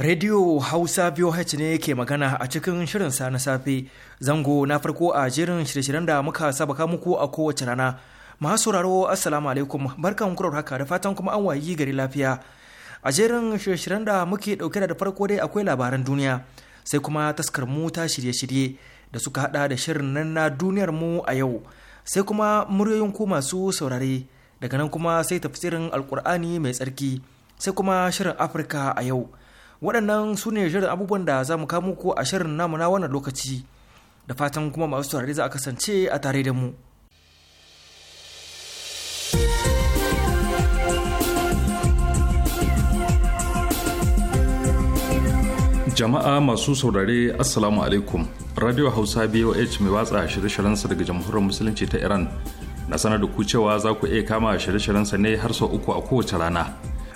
Radio Hausa VOH ne ke magana a cikin shirin sa na safe. Zango na farko a jerin shirye-shiryen da muka sabaka muku a kowace rana. Masu sauraro Assalamu alaikum barkan kurar haka da fatan kuma an wayi gari lafiya. A jerin shirye-shiryen da muke dauke da farko dai akwai labaran duniya sai kuma taskar mu ta shirye-shirye da suka hada da shirin nan na duniyar mu a yau. Sai kuma muryoyin ku masu saurare daga nan kuma sai tafsirin Alkur'ani mai tsarki sai kuma shirin Afirka a yau. waɗannan su ne shirin abubuwan da za mu kamo ko a shirin namu na wannan lokaci da fatan kuma masu saurare za a kasance a tare da mu jama'a masu saurare assalamu alaikum radio hausa boh mai watsa shirye-shiryensa daga jamhuriyar musulunci ta iran na sanar da ku cewa za ku iya kama shirye sa ne har sau uku a kowace rana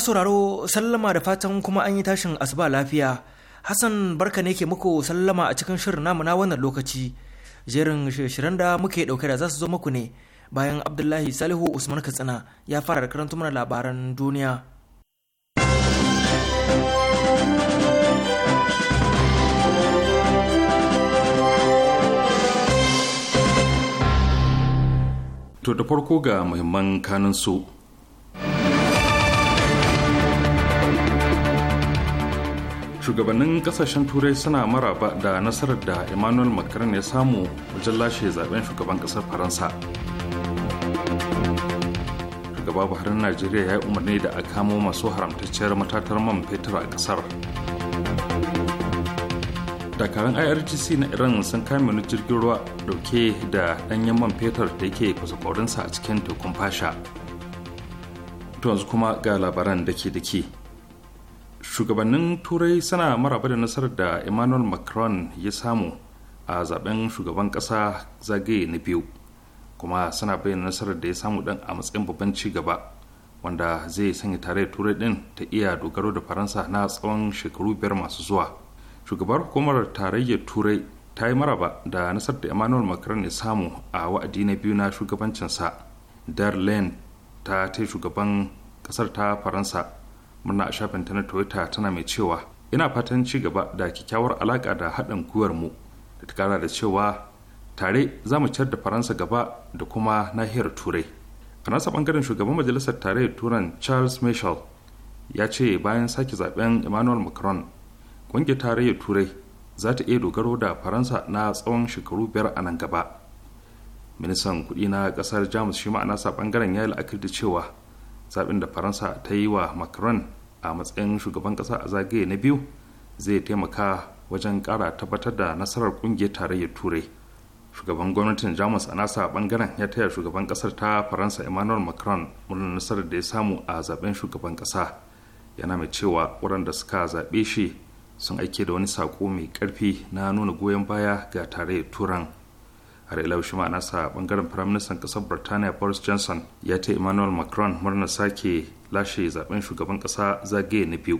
sauraro sallama da fatan kuma an yi tashin asuba lafiya. Hassan barka ne ke muku sallama a cikin shirin namu na wannan lokaci. Jerin shirin da muke dauke da za su zo muku ne bayan Abdullahi Salihu Usman Katsina ya fara karanta mana labaran duniya. To da farko ga muhimman kanin su. shugabannin kasashen turai suna maraba da nasarar da emmanuel macron ya samu wajen lashe zaben shugaban kasar faransa shugaba buhari najeriya ya yi umarni da a kamo masu haramtacciyar matatar man fetur a kasar dakarun irgc na iran sun kame wani jirgin ruwa dauke da danyen man fetur da yake fasakorinsa a cikin tekun fasha to yanzu kuma ga labaran dake-dake shugabannin turai suna maraba da nasarar da emmanuel macron ya samu a zaben shugaban kasa zagaye na biyu kuma suna bayyana nasarar da ya samu ɗin a matsayin babban ci gaba wanda zai sanya tare turai ɗin ta iya dogaro da faransa na tsawon shekaru biyar masu zuwa shugabar hukumar tarayyar turai ta yi maraba da nasarar da emmanuel macron ya samu a wa'adi na biyu na shugabancinsa darlene ta ta shugaban kasar ta faransa murna a shafin ta na twitter tana mai cewa ina fatan ci gaba da kyakkyawar alaƙa da haɗin gwiwar mu da ta kara da cewa tare za mu ciyar da faransa gaba da kuma nahiyar turai a nasa bangaren shugaban majalisar tare turan charles michel ya ce bayan sake zaben emmanuel macron ƙungiyar tarayyar turai za ta iya dogaro da faransa na tsawon shekaru biyar a nan gaba ministan kuɗi na ƙasar jamus shi ma'ana sa bangaren ya yi la'akari da cewa zaɓin da faransa ta yi wa macron a matsayin shugaban ƙasa a zagaye na biyu zai taimaka wajen ƙara tabbatar da nasarar ƙungiyar tarayyar turai shugaban gwamnatin jamus a nasa ɓangaren ya taya shugaban ƙasar ta faransa emmanuel macron murnar nasarar da ya samu a zaɓen shugaban ƙasa yana mai cewa waɗanda suka zaɓe shi sun aike da wani saƙo mai ƙarfi na nuna goyon baya ga tarayyar turan har ila shi nasa bangaren firaministan kasar birtaniya boris johnson ya ta emmanuel macron murna sake lashe zaben shugaban kasa zagaye na biyu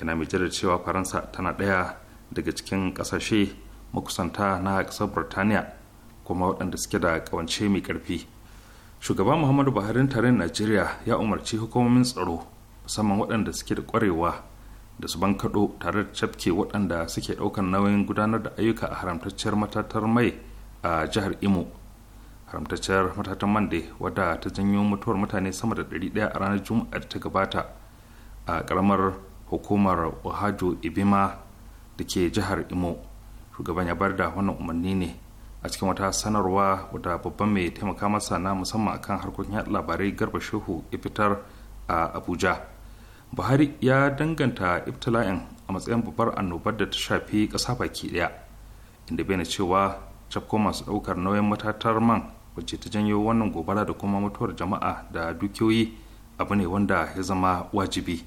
yana mai jira cewa faransa tana daya daga cikin kasashe makusanta na kasar birtaniya kuma waɗanda suke da kawance mai karfi. shugaban muhammadu buhari tarayyar najeriya ya umarci hukumomin tsaro musamman waɗanda suke da kwarewa da su bankaɗo tare da cafke waɗanda suke ɗaukar nauyin gudanar da ayyuka a haramtacciyar matatar mai a jihar imo haramtacciyar matatan mande wadda ta janyo mutuwar mutane sama da 100 a ranar juma'ar ta gabata a karamar hukumar ohajo ibima da ke jihar imo shugaban ya bar da wannan umarni ne a cikin wata sanarwa wadda babban mai taimaka masa na musamman akan harkokin yaɗa labarai garba shehu ya fitar a abuja buhari ya danganta ibtila'in a matsayin babbar annobar da ta shafi ƙasa baki ɗaya inda bayyana cewa cakko masu ɗaukar nauyin matatar man wacce ta janyo wannan gobara da kuma mutuwar jama'a da dukiyoyi abu ne wanda ya zama wajibi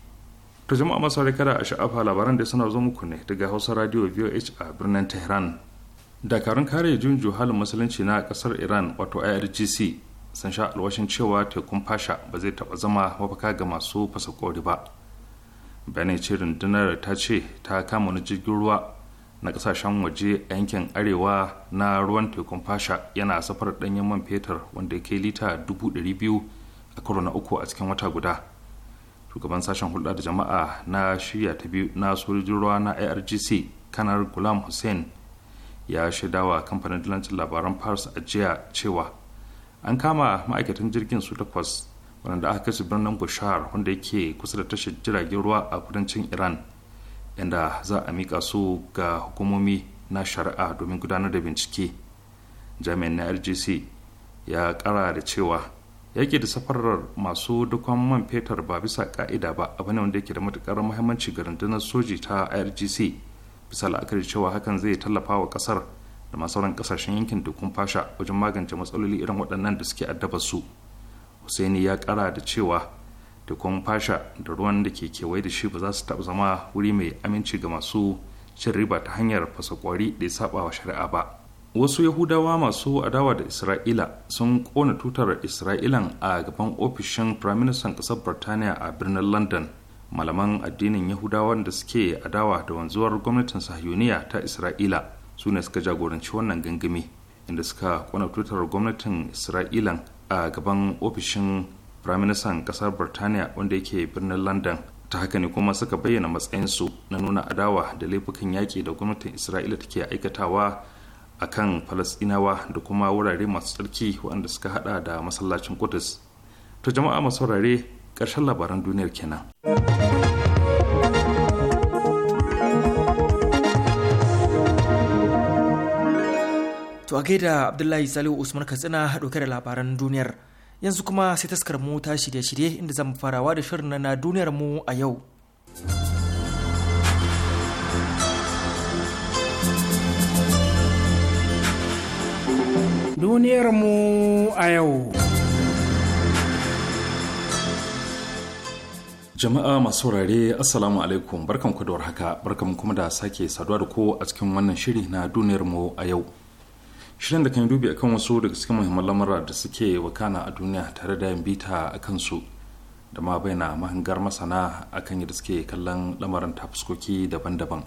ta jama'a masu kada a sha'afa labaran da suna zo muku ne daga hausa radio voh a birnin tehran dakarun kare junju halin musulunci na kasar iran wato irgc sun sha alwashin cewa tekun fasha ba zai taɓa zama mafaka ga masu fasa kori ba bayanai ce rundunar ta ce ta kama wani jirgin ruwa na kasashen waje a yankin arewa na ruwan tekun fasha yana safar danyen man fetur wanda ya kai lita dubu 200,000 a karo na uku a cikin wata guda shugaban sashen hulɗa da jama'a na shirya ta biyu na sojojin ruwa na irgc kanar gulam hussein ya shaidawa kamfanin dilancin labaran fars a jiya cewa an kama ma'aikatan jirgin su takwas wanda aka kashe birnin bushar wanda yake kusa da tashar jiragen ruwa a kudancin iran inda za a mika su ga hukumomi na shari'a domin gudanar da bincike jami'in na rgc ya kara da cewa yaƙi da safarar masu dukkan man fetur ba bisa ka'ida ba abu ne wanda yake da matukar muhimmanci ga rundunar soji ta rgc bisa la'akari cewa hakan zai tallafa wa kasar da masu sauran kasashen yankin dukun fasha wajen magance matsaloli irin waɗannan da suke addaba su hussaini ya kara da cewa da kuma fasha da ruwan da ke kewaye da shi ba za su taɓa zama wuri mai aminci ga masu cin riba ta hanyar fasa kwari da ya saba wa shari'a ba wasu yahudawa masu adawa da isra'ila sun kona tutar isra'ilan a gaban ofishin firaministan ƙasar birtaniya a birnin london malaman addinin yahudawa da suke adawa da wanzuwar gwamnatin sahiyuniya ta isra'ila su ne suka jagoranci wannan gangami inda suka kona tutar gwamnatin isra'ilan a gaban ofishin firaministan kasar birtaniya wanda yake birnin london ta haka ne kuma suka bayyana matsayinsu na nuna adawa da laifukan yaƙi da gwamnatin isra'ila take aikatawa a kan falasɗinawa da kuma wurare masu tsarki waɗanda suka haɗa da masallacin kudus to jama'a masu saurare ƙarshen labaran duniyar kenan to a gaida abdullahi salihu usman katsina ɗauke da labaran duniyar yanzu kuma sai taskar mu ta shirye-shirye inda zamu farawa da shirin na duniyar mu a yau duniyar mu a yau jama'a masu saurare assalamu alaikum barkan ku da warhaka barkan kuma da sake saduwa da ku a cikin wannan shiri na duniyar mu a yau shirin da kan yi dubi akan wasu daga cikin muhimman lamura da suke wakana a duniya tare da bita a kansu da ma bayyana mahangar masana akan yadda suke kallon lamarin ta fuskoki daban-daban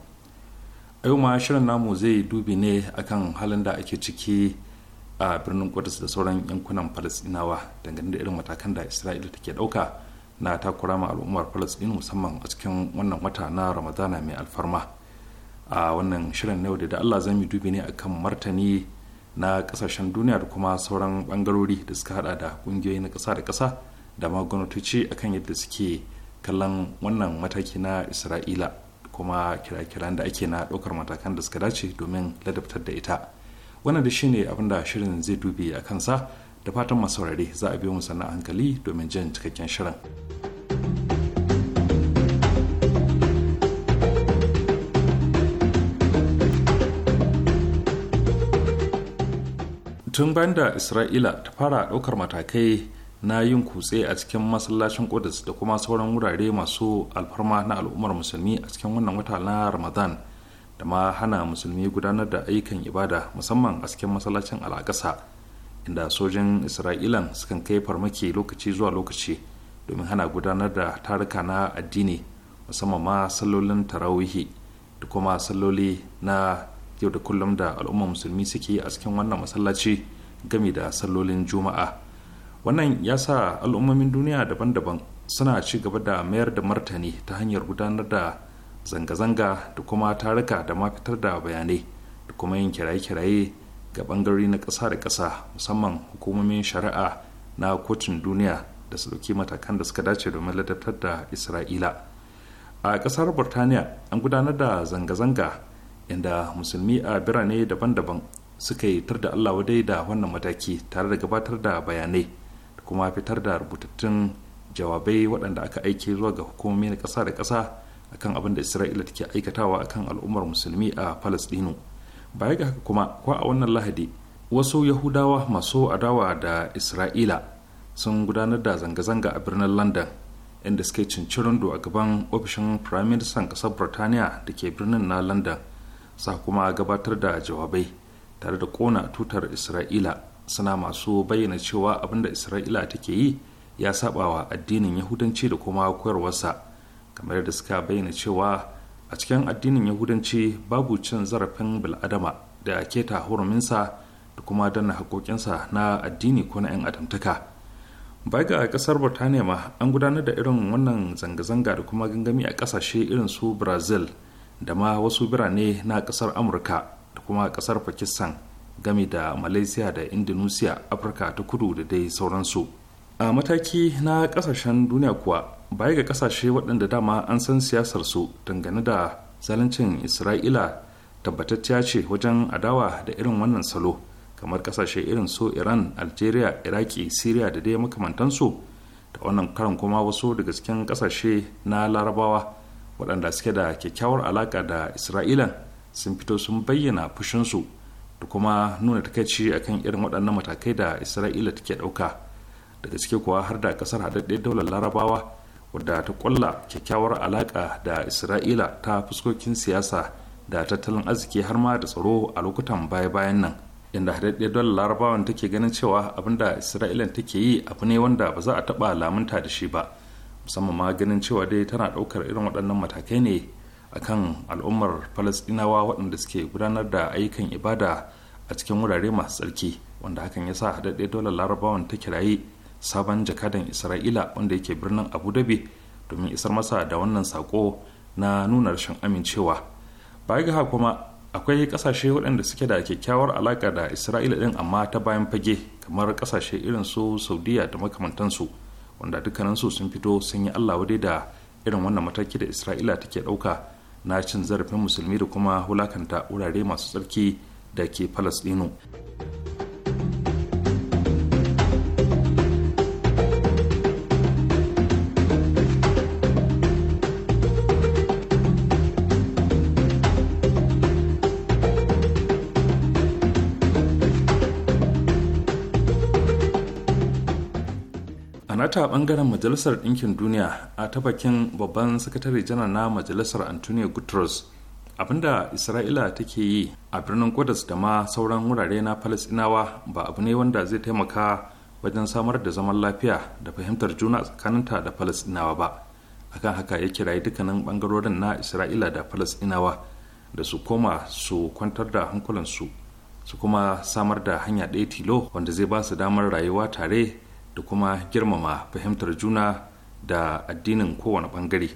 a yau ma shirin namu zai dubi ne akan halin da ake ciki a birnin kudus da sauran yankunan falasdinawa dangane da irin matakan da isra'ila take dauka na takura ma al'ummar falasdin musamman a cikin wannan wata na ramadana mai alfarma a wannan shirin na yau da allah zan yi dubi ne akan martani na kasashen duniya da kuma sauran bangarori da suka hada da kungiyoyi na kasa da kasa da ma gwamnatoci akan yadda suke kallon wannan mataki na isra'ila kuma kira-kiran da ake na ɗaukar matakan da suka dace domin ladabtar da ita wannan da shine abin da shirin zai dube a kansa da fatan masaurare za a biyo mu sannan hankali domin jin cikakken shirin. tun bayan da isra'ila ta fara ɗaukar matakai na yin kutse a cikin masallacin kudus da kuma sauran wurare masu alfarma na al'ummar musulmi a cikin wannan wata na ramadan da ma hana musulmi gudanar da ayyukan ibada musamman a cikin masallacin al'akasa inda sojin isra'ilan sukan kai farmaki lokaci zuwa lokaci domin hana gudanar da tarika na addini musamman ma sallolin tarawihi da kuma salloli na yau da kullum da al'umma musulmi suke a cikin wannan masallaci gami da sallolin juma'a wannan ya sa al'ummomin duniya daban-daban suna ci gaba da mayar da martani ta hanyar gudanar da zanga-zanga da kuma taruka da ma fitar da bayanai da kuma yin kiraye-kiraye ga bangare na ƙasa da ƙasa musamman hukumomin shari'a na kotun duniya da su ɗauki matakan da suka dace domin ladabtar da isra'ila a ƙasar burtaniya an gudanar da zanga-zanga inda musulmi a birane daban-daban suka yi tar da allah wadai da wannan mataki tare da gabatar da bayanai da kuma fitar da rubutattun jawabai waɗanda aka aiki zuwa ga hukumomi na ƙasa da ƙasa akan abin da isra'ila take aikatawa akan al'ummar musulmi a Falastinu. baya ga haka kuma ko a wannan lahadi wasu yahudawa masu adawa da isra'ila sun gudanar da zanga-zanga a birnin london inda suke cincirindo a gaban ofishin firaministan minister kasar birtaniya da ke birnin na london sa kuma gabatar da jawabai tare da kona tutar isra'ila suna masu bayyana cewa abinda da isra'ila take yi ya sabawa addinin yahudanci da kuma koyarwarsa kamar yadda suka bayyana cewa a cikin addinin yahudanci babu cin zarafin bil'adama da keta huruminsa da kuma danna haƙoƙinsa na addini ko na 'yan adamtaka bai ga ƙasar burtaniya ma an gudanar da irin wannan zanga-zanga da kuma gangami a ƙasashe irin su brazil da ma wasu birane na kasar amurka da kuma kasar pakistan game da malaysia da indonesia afirka ta kudu da dai sauransu a mataki na kasashen duniya kuwa baya ga kasashe waɗanda dama an san siyasarsu dangane da zaluncin isra'ila tabbatacciya ce wajen adawa da irin wannan salo kamar kasashe irin su iran algeria iraki syria da dai makamantansu da wannan karan kuma wasu daga cikin kasashe na larabawa waɗanda suke da kyakkyawar alaƙa da isra'ila sun fito sun bayyana fushinsu da kuma nuna takaici akan irin waɗannan matakai da isra'ila take ɗauka daga cike kuwa har da ƙasar haɗaɗɗen daular larabawa wadda ta ƙulla kyakkyawar alaƙa da isra'ila ta fuskokin siyasa da tattalin arziki har ma da tsaro a lokutan baya-bayan nan inda haɗaɗɗe daular larabawan take ganin cewa abin da isra'ila take yi abu ne wanda ba za a taɓa lamunta da shi ba musamman ma ganin cewa dai tana daukar irin waɗannan matakai ne a kan al'ummar falasdinawa waɗanda suke gudanar da ayyukan ibada a cikin wurare masu tsarki wanda hakan ya sa haɗaɗɗe dole larabawan ta kiraye sabon jakadan isra'ila wanda yake birnin abu dhabi domin isar masa da wannan saƙo na nuna rashin amincewa baya ga kuma akwai ƙasashe waɗanda suke da kyakkyawar alaƙa da isra'ila ɗin amma ta bayan fage kamar kasashe irin su saudiya da makamantansu wanda dukkaninsu sun fito sun yi allah wadai da irin wannan mataki da isra'ila take ɗauka na cin zarafin musulmi da kuma wulakanta wurare masu tsarki da ke falasɗinu ta bangaren majalisar ɗinkin duniya a ta bakin babban sakatare janar na majalisar antonio guterres abinda isra'ila take yi a birnin kudus da ma sauran wurare na palestinawa ba abu ne wanda zai taimaka wajen samar da zaman lafiya da fahimtar juna tsakaninta da palestinawa ba akan haka ya kirayi dukkanin bangarorin na isra'ila da palestinawa da su koma su kwantar da hankulansu su kuma samar da hanya ɗaya tilo wanda zai ba su damar rayuwa tare da kuma girmama fahimtar juna da addinin kowane bangare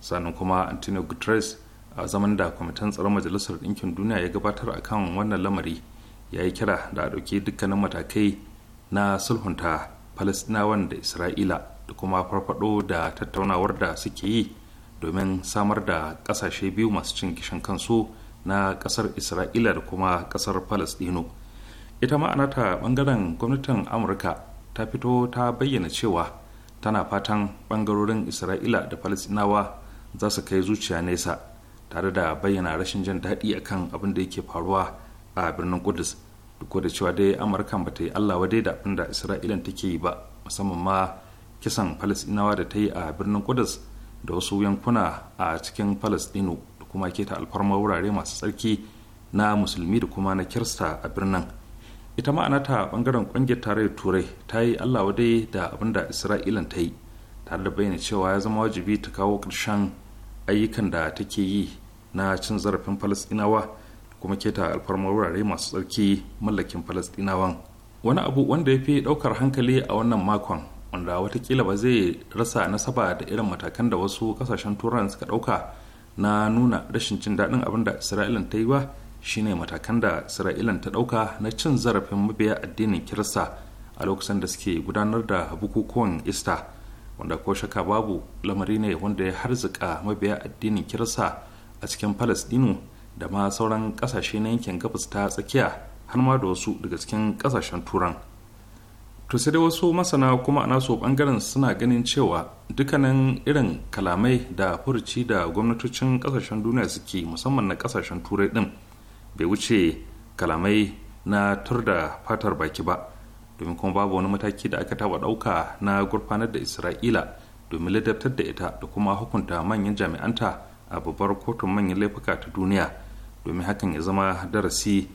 sannan kuma antonio guterres a zaman da kwamitin tsaron majalisar ɗinkin duniya ya gabatar a kan wannan lamari ya yi kira da a ɗauki dukkanin matakai na sulhunta palestinawan da isra'ila da kuma farfaɗo da tattaunawar da suke yi domin samar da ƙasashe biyu masu cin kishin kansu na ƙasar isra'ila da kuma ƙasar palestino ita ma'anata ta ɓangaren gwamnatin amurka ta fito ta bayyana cewa tana fatan bangarorin isra'ila da falasinawa za su kai zuciya nesa tare da bayyana rashin jan daɗi akan abin da yake faruwa a birnin kudus duk da cewa dai amurkan ba ta yi allah wadai da abin da isra'ila take yi ba musamman ma kisan falasinawa da ta yi a birnin kudus da wasu yankuna a cikin falasdino da kuma keta alfarma wurare masu tsarki na musulmi da kuma na kirista a birnin ita ma'anata ta bangaren kungiyar tarayyar turai ta yi allah wadai da abin da isra'ilan ta yi tare da bayyana cewa ya zama wajibi ta kawo ƙarshen ayyukan da take yi na cin zarafin falasɗinawa kuma keta alfarmar wurare masu tsarki mallakin falasɗinawan wani abu wanda ya fi ɗaukar hankali a wannan makon wanda watakila ba zai rasa nasaba da irin matakan da wasu kasashen turan suka ɗauka na nuna rashin cin daɗin abin da isra'ilan ta yi ba shine matakan da isra'ilan ta dauka na cin zarafin mabiya addinin kirista a lokacin da suke gudanar da bukukuwan ista wanda ko shaka babu lamari ne wanda ya harzika mabiya addinin kirista a cikin palestinu da ma sauran kasashe na yankin gabas ta tsakiya har ma da wasu daga cikin kasashen turan to sai dai wasu masana kuma a naso bangaren suna ganin cewa dukkanin irin kalamai da furuci da gwamnatocin kasashen duniya suke musamman na kasashen turai din bai wuce kalamai na tur da fatar baki ba domin kuma babu wani mataki da aka taba ɗauka na gurfanar da isra'ila domin ladabtar da ita da kuma hukunta manyan jami'anta a babbar kotun manyan laifuka ta duniya domin hakan ya zama darasi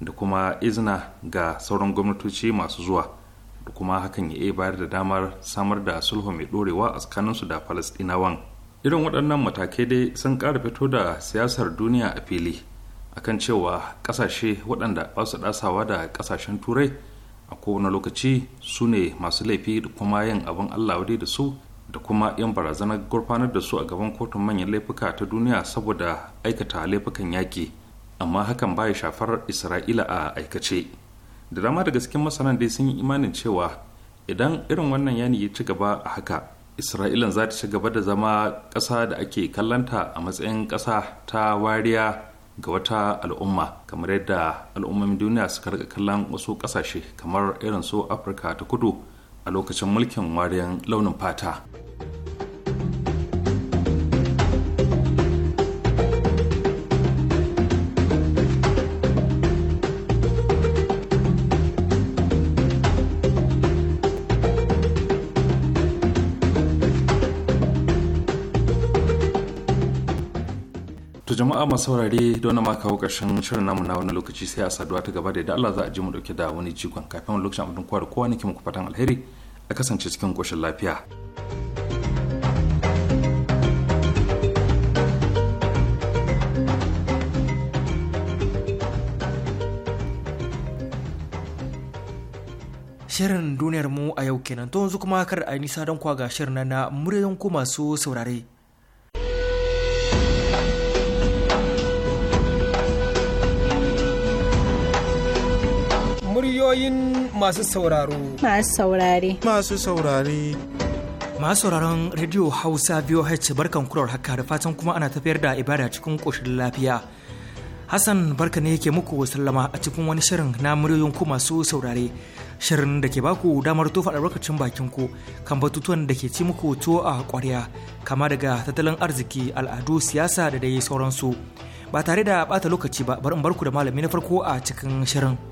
da kuma izina ga sauran gwamnatoci masu zuwa da kuma hakan ya iya bayar da damar samar da sulhu mai dorewa a tsakaninsu da falastinawan irin waɗannan matakai dai sun ƙara fito da siyasar duniya a fili akan cewa kasashe waɗanda ba su ɗasawa da kasashen turai a kowane lokaci su ne masu laifi da kuma yin abin allah wadai da su da kuma yan barazanar gurfanar da su a gaban kotun manyan laifuka ta duniya saboda aikata laifukan yaƙi amma hakan ba ya shafar isra'ila a aikace da dama da gaske masanan dai sun yi imanin cewa idan irin wannan yani ya ci gaba a haka isra'ilan za ta ci gaba da zama ƙasa da ake kallanta a matsayin ƙasa ta wariya ga wata al'umma kamar yadda al'ummomin duniya suka rika kallon wasu kasashe kamar irin su afirka ta kudu a lokacin mulkin wariyar launin fata to jama'a masu saurare don ma kawo ƙarshen shirin namu na wani lokaci sai a saduwa ta gaba da yadda Allah za a ji mu dauke da wani jikon kafin wani lokacin abin kowa da kowa nake muku fatan alheri a kasance cikin koshin lafiya. Shirin duniyar mu a yau kenan to yanzu kuma kar a yi nisa don kwa ga shirin na muryoyin ku masu saurare. ra'ayoyin masu sauraro. Masu saurare. Masu saurare. Masu sauraron Radio Hausa VOH barkan kurar haka da fatan kuma ana tafiyar da ibada cikin ƙoshin lafiya. Hassan barka ne yake muku sallama a cikin wani shirin na muryoyin ku masu saurare. Shirin da ke baku damar tofa lokacin bakin ku kan batutuwan da ke ci muku tuwo a ƙwarya kama daga tattalin arziki, al'adu, siyasa da dai sauransu. Ba tare da bata lokaci ba bari in barku da malami na farko a cikin shirin.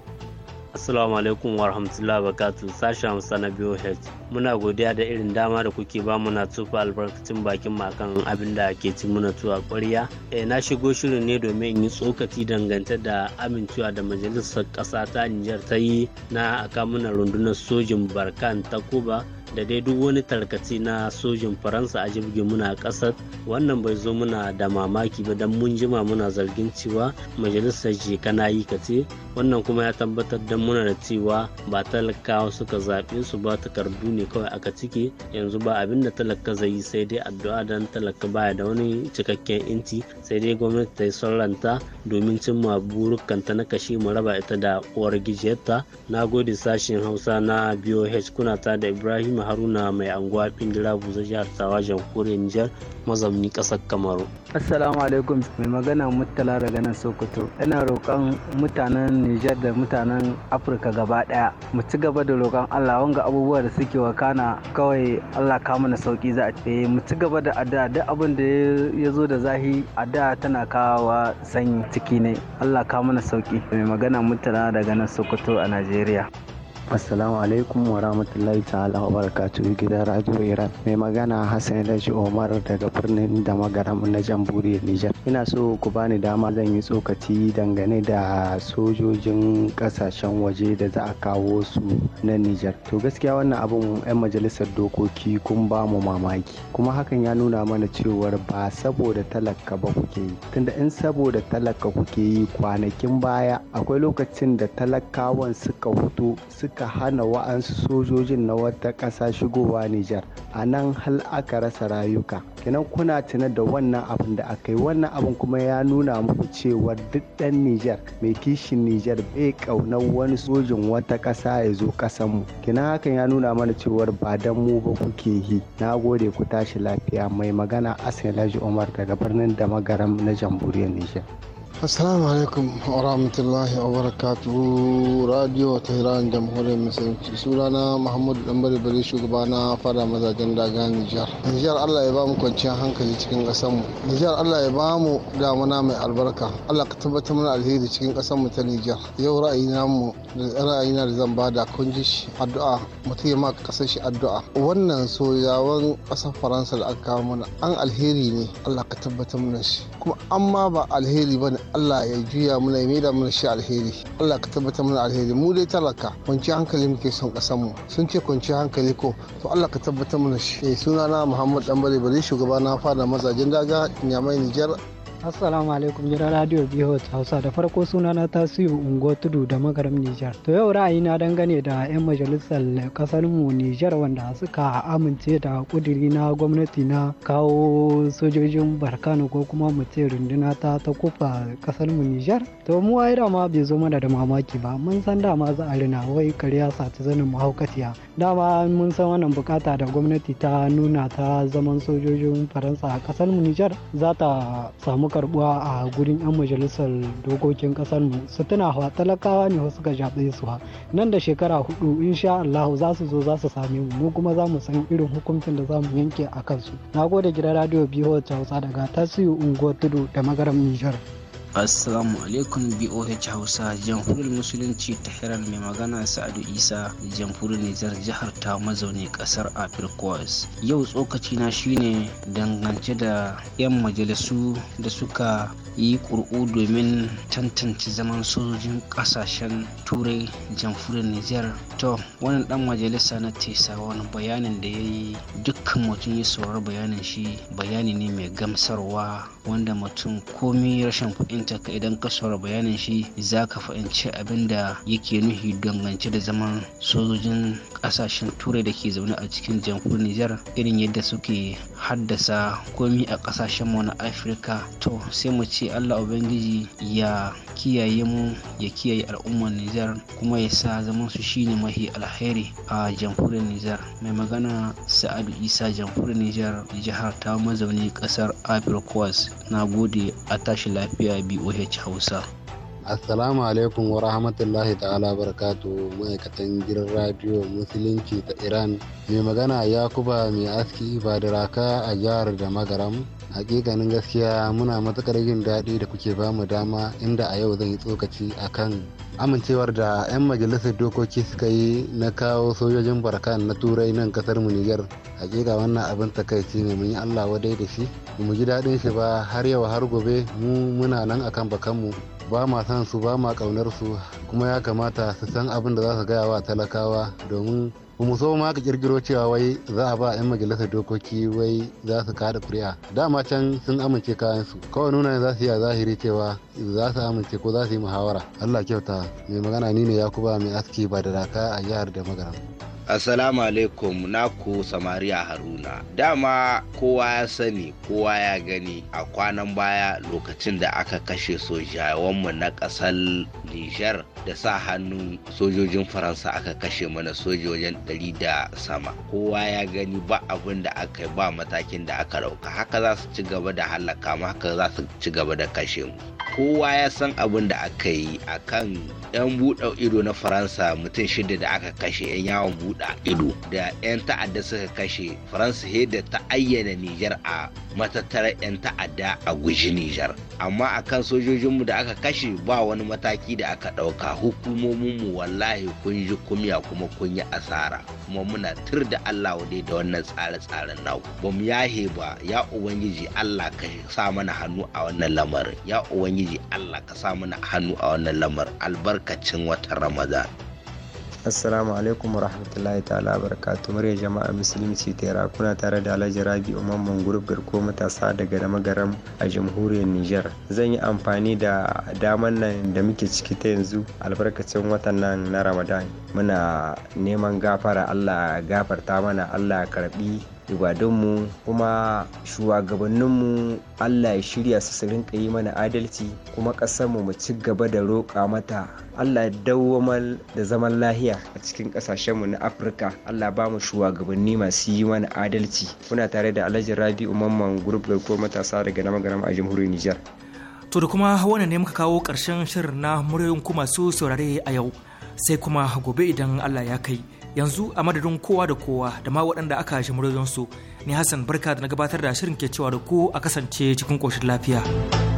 Assalamu alaikum wa rahmatullahi wa barakatu sashi hamsa na BOH. Muna godiya da irin dama da kuke ba na tufa albarkacin bakin makan abin da ake ci muna tuwa ƙwarya. E, na shigo shirin ne domin in yi tsokaci dangante da amincewa da majalisar ƙasa ta Nijar ta yi na aka muna rundunar sojin Barkan ta Kuba. da dai duk wani tarkaci na sojin faransa a jirgin muna kasar wannan bai zo muna da mamaki ba don mun jima muna zargin cewa majalisar jeka na yi kace wannan kuma ya tabbatar da muna da cewa ba talakawa suka zaɓe su ba takardu ne kawai aka cike yanzu ba abin da talaka zai yi sai dai addu'a don talaka baya da wani cikakken inci sai dai gwamnati ta yi ranta domin cimma burukanta na kashe mu raba ita da uwar gijiyarta na gode sashen hausa na boh kuna ta da ibrahim Ibrahim Haruna mai anguwa Bindira Buza jihar Tawa jamhuriyar Nijar mazamni kasar Kamaru. Assalamu alaikum mai magana Murtala daga nan Sokoto. Ina roƙon mutanen Nijar da mutanen Afirka gaba ɗaya mu ci gaba da roƙon Allah wanga abubuwa da suke wakana kawai Allah kama na sauki za a ce eh, mu ci gaba da addu'a duk abin da ya zo da zahi addu'a tana kawowa sanyi ciki ne. Allah kama na sauki. Mai magana Murtala daga nan Sokoto a Najeriya. Assalamu alaikum wa rahmatullahi ta'ala wa barakatuh gidan Radio Iran. Mai magana Hassan Laji Omar daga birnin da magaram na Jamhuriyar Nijar. Ina so ku bani dama zan yi tsokaci dangane da sojojin kasashen waje da za a kawo su na Nijar. To gaskiya wannan abun 'yan majalisar dokoki kun ba mu mamaki. Kuma hakan ya nuna mana cewar ba saboda talaka ba kuke yi. Tunda in saboda talaka kuke yi kwanakin baya akwai lokacin da talakawan suka fito suka aka hana wa'ansu sojojin na wata ƙasa shigowa Nijar a nan hal aka rasa rayuka kinan kuna tuna da wannan abin da aka yi wannan abin kuma ya nuna muku cewa duk ɗan Nijar mai kishin Nijar bai ƙaunar wani sojin wata ƙasa ya zo ƙasanmu kinan hakan ya nuna mana cewa ba dan mu ba kuke yi na gode ku tashi lafiya mai magana Asalaji Umar daga birnin Damagaram na jamhuriyar Nijar. assalamu alaikum wa rahmatullahi wa barakatuhu radio tehran jamhuriyar musulunci sunana muhammadu dambari bari shugaba na fada mazajen daga nijar nijar allah ya mu kwanciyar hankali cikin kasar nijar allah ya mu damuna mai albarka allah ka tabbatar mana alheri cikin kasar ta nijar yau ra'ayina mu da zan bada kun ji shi addu'a mutum ya ma kasar shi addu'a wannan soyawan kasar faransa da aka kawo mana an alheri ne allah ka tabbatar mana shi kuma an ma ba alheri ne. Allah ya juya muna ya maida mana shi alheri Allah ka tabbatar mana alheri mu dai talaka kwanciyar hankali muke son kasar mu sun ce kwanci hankali ko to Allah ka tabbatar mana shi eh, sunana Muhammad Dan Bare shugaba na fada mazajen daga Nyamai Nijar Assalamu alaikum gidan Radio BH Hausa da farko suna na tasiru Ungo Tudu da Magaram Nijar. To yau ra'ayina dangane da 'yan majalisar kasar mu Nijar wanda suka amince da kudiri na gwamnati na kawo sojojin Barkano ko kuma mutum runduna ta ta kufa kasar mu Nijar. To mu ai dama bai zo mana da mamaki ba mun san dama za a rina wai karya sati zanin mahaukaciya. Dama mun san wannan bukata da gwamnati ta nuna ta zaman sojojin Faransa a kasar mu Nijar za ta samu karbuwa a gurin 'yan majalisar dokokin kasar mu su tuna hawa talakawa ne wasu ga jaɓe su ha nan da shekara hudu insha Allah za su zo za su same mu mu kuma za mu san irin hukuncin da za mu yanke a kansu na gode gidan radio biyu wata hausa daga tasiru unguwar tudu da magaram Nijar. Assalamu alaikum BOH Hausa jamhuriyar musulunci ta hirar mai magana Sa'adu Isa jamhuriyar Nijar jihar ta mazauni kasar Afirkuwas. Yau tsokaci na shine dangance da 'yan majalisu da suka yi ƙur'u domin tantance zaman sojojin ƙasashen turai jamhuriyar Nijar. To, wannan dan majalisa na tesa wani bayanin da ya yi dukkan mutum ya saurari bayanin shi bayani ne mai gamsarwa wanda mutum komi rashin fahimta ka idan ka saura bayanin shi za ka fahimci abin da yake nuhi dangance da zaman sojojin kasashen turai da ke zaune a cikin jamhur nijar irin yadda suke haddasa komi a kasashen mu na afirka to sai mu ce allah ubangiji ya kiyaye mu ya kiyaye al'ummar nijar kuma ya sa zaman su shine mahi alheri a jamhuriyar nijar mai magana sa'adu isa jamhuriyar nijar jihar ta mazauni ƙasar abirkwas na gode a tashi lafiya boh hausa Assalamu alaikum wa rahmatullahi ta'ala barakatu ma'aikatan gidan radio musulunci ta Iran. Mai magana Yakuba mai aski ba da raka a jihar da magaram hakikanin gaskiya muna matukar yin daɗi da kuke ba mu dama inda a yau zan yi tsokaci akan amincewar da 'yan majalisar dokoki suka yi na kawo sojojin barkan na turai nan kasar mu niger hakika wannan abin takaici ne mun yi allah wadai da shi mu ji daɗin shi ba har yau har gobe mu muna nan akan bakanmu ba ma san su ba ma kaunar su kuma ya kamata su san abin da za su gaya wa talakawa domin ba mu so ma ka kirkiro cewa wai za a ba 'yan majalisar dokoki wai za su kada kuri'a dama can sun amince kayan su kawai nuna za su yi a zahiri cewa za su amince ko za su yi muhawara allah kyauta mai magana ni ne yakuba mai aski ba da raka a jihar da magana. Assalamu alaikum naku Samariya Haruna. Dama kowa ya sani kowa ya gani a kwanan baya lokacin da aka kashe sojawanmu na ƙasar Nijar da sa hannun sojojin Faransa aka kashe mana sojojin ɗari da sama. Kowa ya gani ba abin da aka ba matakin da aka ɗauka. Haka za su ci gaba da halaka mu haka za su ci gaba da kashe mu. Kowa ya san abin da aka yi a kan 'yan buɗe ido na Faransa mutum shida da aka kashe 'yan yawon buɗe da ido da 'yan ta'adda suka kashe faransa da ta ayyana nijar a matattarar 'yan ta'adda a guji nijar amma a kan sojojinmu da aka kashe ba wani mataki da aka ɗauka hukumominmu wallahi kun ji kumya kuma kun yi asara kuma muna tur da allah wade da wannan tsare-tsaren nau ba mu yahe ba ya ubangiji allah ka sa mana hannu a wannan lamarin ya ubangiji allah ka sa mana hannu a wannan lamarin albarkacin watan ramadan assalamu alaikum warahmatullahi ta'ala barakatu murya jama'a musulunci tera kuna tare da alhaji rabi mamman group garko matasa daga da magaram a jamhuriyar niger zan yi amfani da daman nan da muke ciki ta yanzu albarkacin watan nan na ramadan muna neman gafara allah gafarta mana allah karbi ibadunmu kuma shugabanninmu allah ya shirya su su rinka yi mana adalci kuma ƙasarmu mu ci gaba da roƙa mata allah ya dawwamar da zaman lahiya a cikin ƙasashenmu na afirka allah ba mu shugabanni masu yi mana adalci muna tare da alhaji rabi'u mamman group kuma matasa daga nama a jamhuriyar nijar To da kuma wannan ne muka kawo ƙarshen shirin na muryoyin ku masu saurare a yau sai kuma gobe idan Allah ya kai yanzu a madadin kowa da kowa da ma waɗanda aka shi su ne hassan barka da na gabatar da shirin ke cewa da ku a kasance cikin ƙoshin lafiya.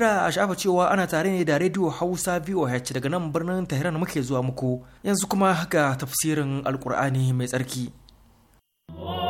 da a shafa cewa ana tare ne da Radio Hausa VOH daga nan birnin Tehran muke zuwa muku yanzu kuma ga tafsirin Alkur'ani mai tsarki. Oh.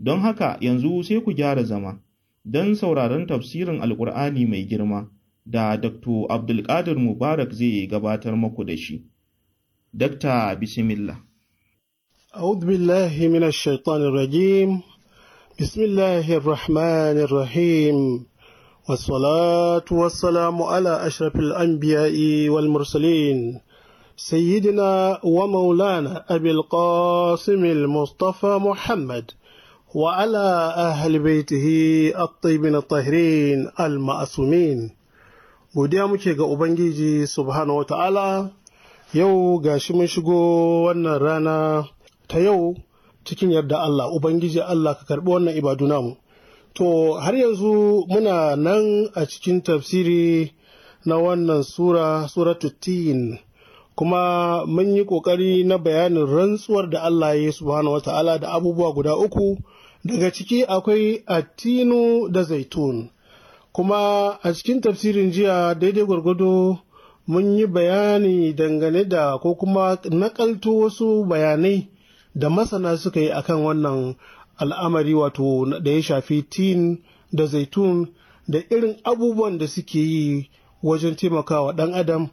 don haka yanzu sai ku gyara zama don sauraron tafsirin Alƙur'ani mai girma da dr abdulkadir mubarak zai gabatar maku da shi dr bismillah أعوذ بالله من الشيطان الرجيم بسم الله الرحمن الرحيم والصلاة والسلام على أشرف الأنبياء والمرسلين سيدنا ومولانا أبي القاسم المصطفى محمد وعلى أهل بيته الطيبين الطاهرين المعصومين godiya muke ga Ubangiji subhanahu wa ta'ala yau gashi mun shigo wannan rana ta yau cikin yarda Allah Ubangiji Allah ka karɓi wannan ibadu namu to har yanzu muna nan a cikin tafsiri na wannan sura tin kuma mun yi ƙoƙari na bayanin rantsuwar da Allah ya yi subhanahu wa ta'ala da abubuwa guda uku daga ciki akwai attinu da zaitun kuma a cikin tafsirin jiya daidai gwargwado mun yi bayani dangane da ko kuma nakalto wasu bayanai da masana suka yi akan wannan al'amari wato da ya shafi tin da zaitun da irin abubuwan da suke yi wajen taimakawa ɗan adam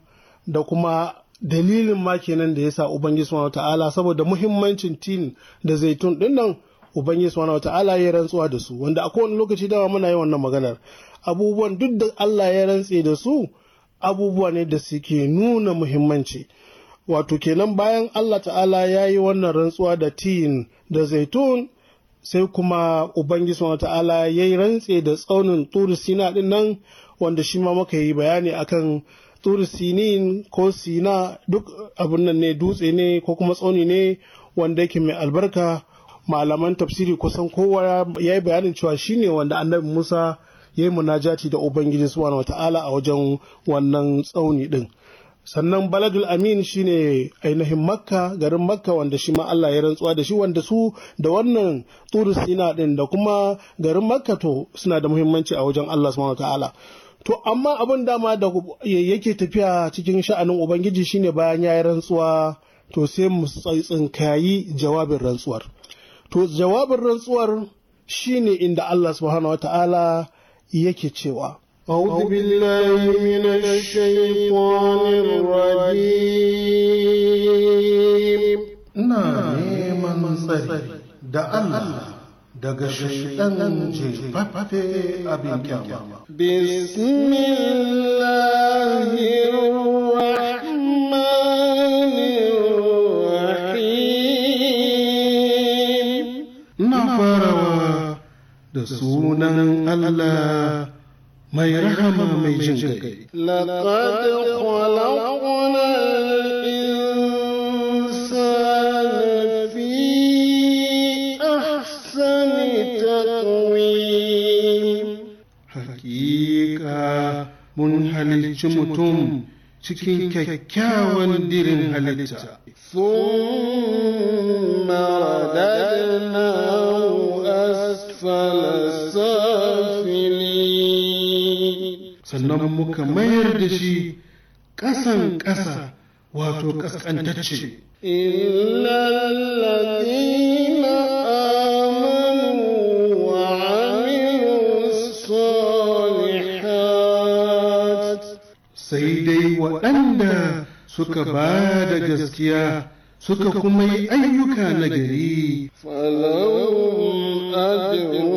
da kuma dalilin ma kenan da ya sa ubangiji wa ta'ala saboda muhimmancin tin da zaitun ɗinnan ubangiji subhanahu wata'ala ya rantsuwa da su wanda a kowane lokaci da muna yin wannan maganar abubuwan duk da Allah ya rantse da su abubuwa ne da suke nuna muhimmanci wato kenan bayan Allah ta'ala ya yi wannan rantsuwa da tiyin da zaitun sai kuma ubangiji subhanahu wata'ala ya yi rantse da tsaunin turu sina din nan wanda shi ma muka yi bayani akan turu sinin ko sina duk abin nan ne dutse ne ko kuma tsauni ne wanda yake mai albarka malaman tafsiri kusan kowa ya yi bayanin cewa shi ne wanda annabi Musa ya yi munajati da Ubangiji subhanahu wata'ala a wajen wannan tsauni din. Sannan Baladul Amin shi ne ainihin Makka garin Makka wanda shi ma Allah ya rantsuwa da shi wanda su da wannan turu sina din da kuma garin Makka to suna da muhimmanci a wajen Allah subhanahu wata'ala. To amma abin dama da yake tafiya cikin sha'anin Ubangiji shine bayan ya yi rantsuwa to sai mu tsaitsinkayi jawabin rantsuwar. to jawabin rantsuwar shine inda Allah subhanahu wata'ala yake cewa أعوذ بالله من الشيطان الرجيم نعم من صري da Allah daga shaidan jefaffe abin kyama. Bismillahirrahmanirrahim da sunan Allah mai rahama mai jin kai. لقد خلقنا الإنسان في أحسن تقويم حقيقة من هل cikin kyakkyawan dirin halitta. Sun maradadna أسفل سافلين sannan muka mayar da shi ƙasan ƙasa wato ƙasƙantacce. Sai dai waɗanda suka ba da gaskiya suka kuma yi ayyuka na gari. Falau do.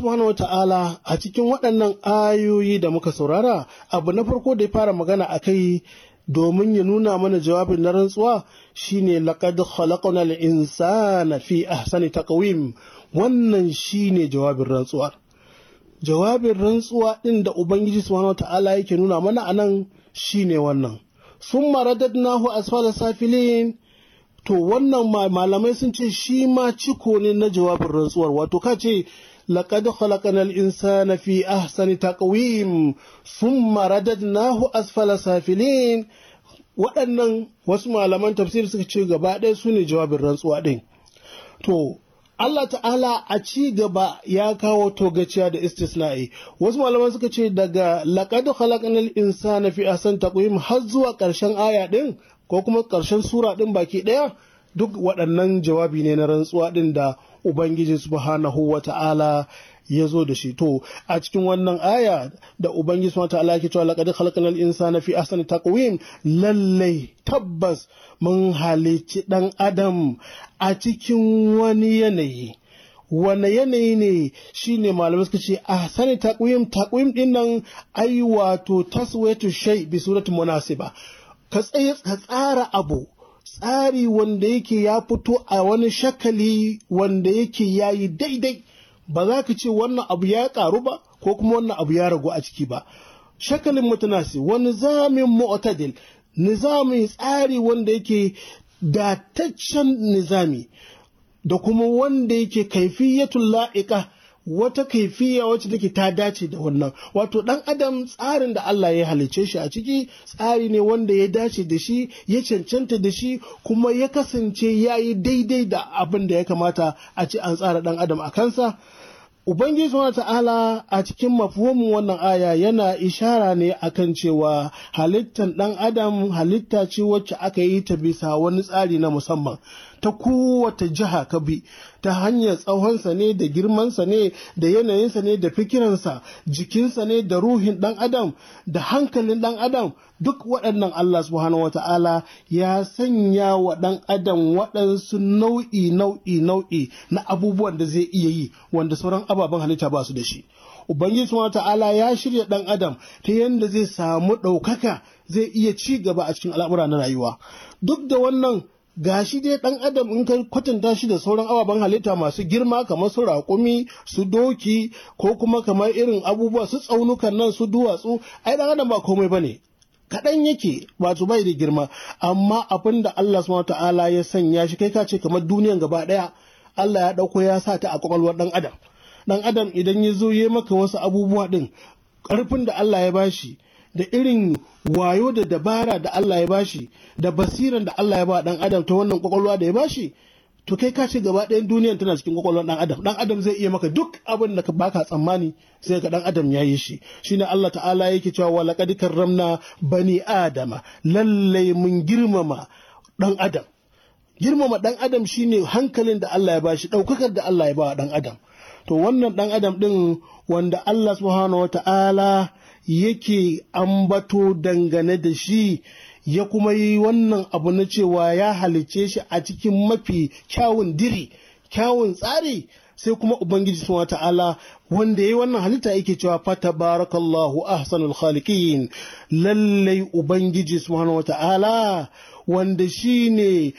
subhanahu wa ta'ala a cikin waɗannan ayoyi da muka saurara abu na farko da ya fara magana a kai domin ya nuna mana jawabin na rantsuwa shine laqad khalaqna al-insana fi ahsani taqwim wannan shine jawabin rantsuwar jawabin rantsuwa din da ubangiji subhanahu ta'ala yake nuna mana anan shine wannan summa radadnahu asfala safilin to wannan malamai sun ce shi ma ciko ne na jawabin rantsuwar wato ka ce لقد خلقنا الإنسان في أحسن تقويم ثم رددناه أسفل سافلين waɗannan wasu malaman tafsir suka ce gaba ɗaya su ne jawabin rantsuwa ɗin to Allah ta'ala a ci gaba ya kawo togaciya da istisna'i wasu malaman suka ce daga laƙad insa na fi ahsan takwim har zuwa ƙarshen aya ɗin ko kuma ƙarshen sura ɗin baki ɗaya duk waɗannan jawabi ne na rantsuwa ɗin da Ubangiji subhanahu wa ta'ala ya zo da shi to a cikin wannan aya da ubangiji subhanahu ta'ala ke cewa laqad khalaqnal insana fi ahsani taqwim lallai tabbas mun halici dan adam a cikin wani yanayi wani yanayi ne shine malamai suka ce a sani takwim takwim din nan ai wato taswaitu shay bi surati munasiba ka tsaya ka tsara abu tsari wanda yake ya fito a wani shakali wanda yake ya yi daidai ba za ka ce wannan abu ya karu ba ko kuma wannan abu ya ragu a ciki ba shakalin mutanasi wani zamin mu'tadil nizami tsari wanda yake dataccen nizami da kuma wanda yake kaifiyatul la'ika wata kaifiya wacce take ta dace da wannan wato dan adam tsarin da Allah ya halice shi a ciki tsari ne wanda ya dace da shi ya cancanta da shi kuma ya kasance ya yi daidai da abin da ya kamata a ci an tsara dan adam a kansa Ubangiji wa ta'ala a cikin mafhumin wannan aya yana ishara ne akan cewa halittan ɗan adam halitta ce wacce aka yi ta bisa wani tsari na musamman ta kowace jiha ka bi ta hanyar tsawonsa ne da girmansa ne da yanayinsa ne da fikiransa jikinsa ne da ruhin dan adam da hankalin dan adam duk waɗannan Allah subhanahu wata'ala ya sanya wa dan adam waɗansu nau'i nau'i nau'i na abubuwan da zai iya yi wanda sauran ababen halitta ba su da shi Ubangiji subhanahu wata'ala ya shirya dan adam ta yadda zai samu ɗaukaka zai iya ci gaba a cikin al'amura na rayuwa duk da wannan ga shi dai ɗan adam in ka kwatanta shi da sauran ababen halitta masu girma kamar su raƙumi su doki ko kuma kamar irin abubuwa su tsaunukan nan su duwatsu ai ɗan adam ba komai ba ne kaɗan yake wato bai da girma amma abin da Allah subhanahu ta'ala ya sanya shi kai ka ce kamar duniyan gaba ɗaya Allah ya ɗauko ya sa ta a kwakwalwar ɗan adam ɗan adam idan ya zo ya maka wasu abubuwa ɗin ƙarfin da Allah ya bashi da irin wayo da dabara da Allah ya bashi da basiran da Allah ya ba dan adam ta wannan kwakwalwa da ya bashi to kai ka ce gaba ɗayan duniyan tana cikin kwakwalwar dan adam dan adam zai iya maka duk abin da baka tsammani sai ka dan adam ya yi shi shine Allah ta'ala yake cewa laqad karramna bani adama lallai mun girmama dan adam girmama dan adam shine hankalin da Allah ya bashi daukakar da Allah ya ba dan adam to wannan dan adam din wanda Allah subhanahu wata'ala yake ambato dangane da shi ya kuma yi wannan abu na cewa ya halice shi a cikin mafi kyawun diri kyawun tsari sai kuma ubangiji suna ta'ala wanda ya yi wannan halitta yake cewa fata barakallahu ahsanul khaliqin lallai ubangiji subhanahu wa ta'ala wanda shi ne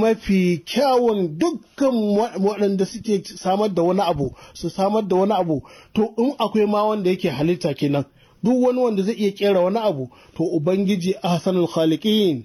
mafi kyawun dukkan waɗanda suke samar da wani abu su samar da wani abu to in akwai ma wanda yake halitta kenan duk wani wanda zai iya kera wani abu to ubangiji hasanul khaliqin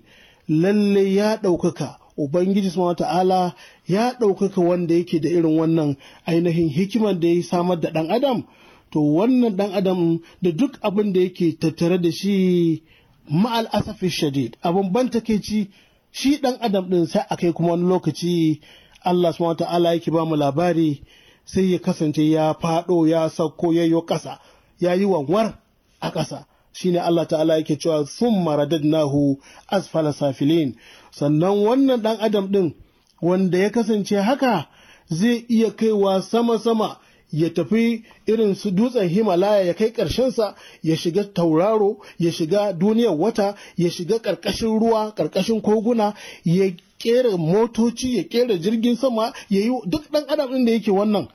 lalle ya ɗaukaka ubangiji subhanahu ta'ala ya ɗaukaka wanda yake da irin wannan ainihin hikimar da ya samar da ɗan adam to wannan dan adam da duk abin da yake tattare da shi ma'al asafi shadid abin ban takeici shi ɗan adam din sai a kai kuma wani lokaci Allah subhanahu ta'ala yake ba mu labari sai ya kasance ya faɗo ya sauko ya yi ƙasa ya yi wanwar a ƙasa shine Allah ta'ala yake cewa sun maradadnahu asfala safilin sannan wannan ɗan adam ɗin wanda ya kasance haka zai iya kaiwa sama-sama ya tafi irin su dutsen himalaya ya kai ƙarshensa ya shiga tauraro ya shiga duniyar wata ya shiga ƙarƙashin ruwa ƙarƙashin koguna ya ƙera motoci ya ƙera jirgin sama ya yi duk ɗan adam ɗin da yake wannan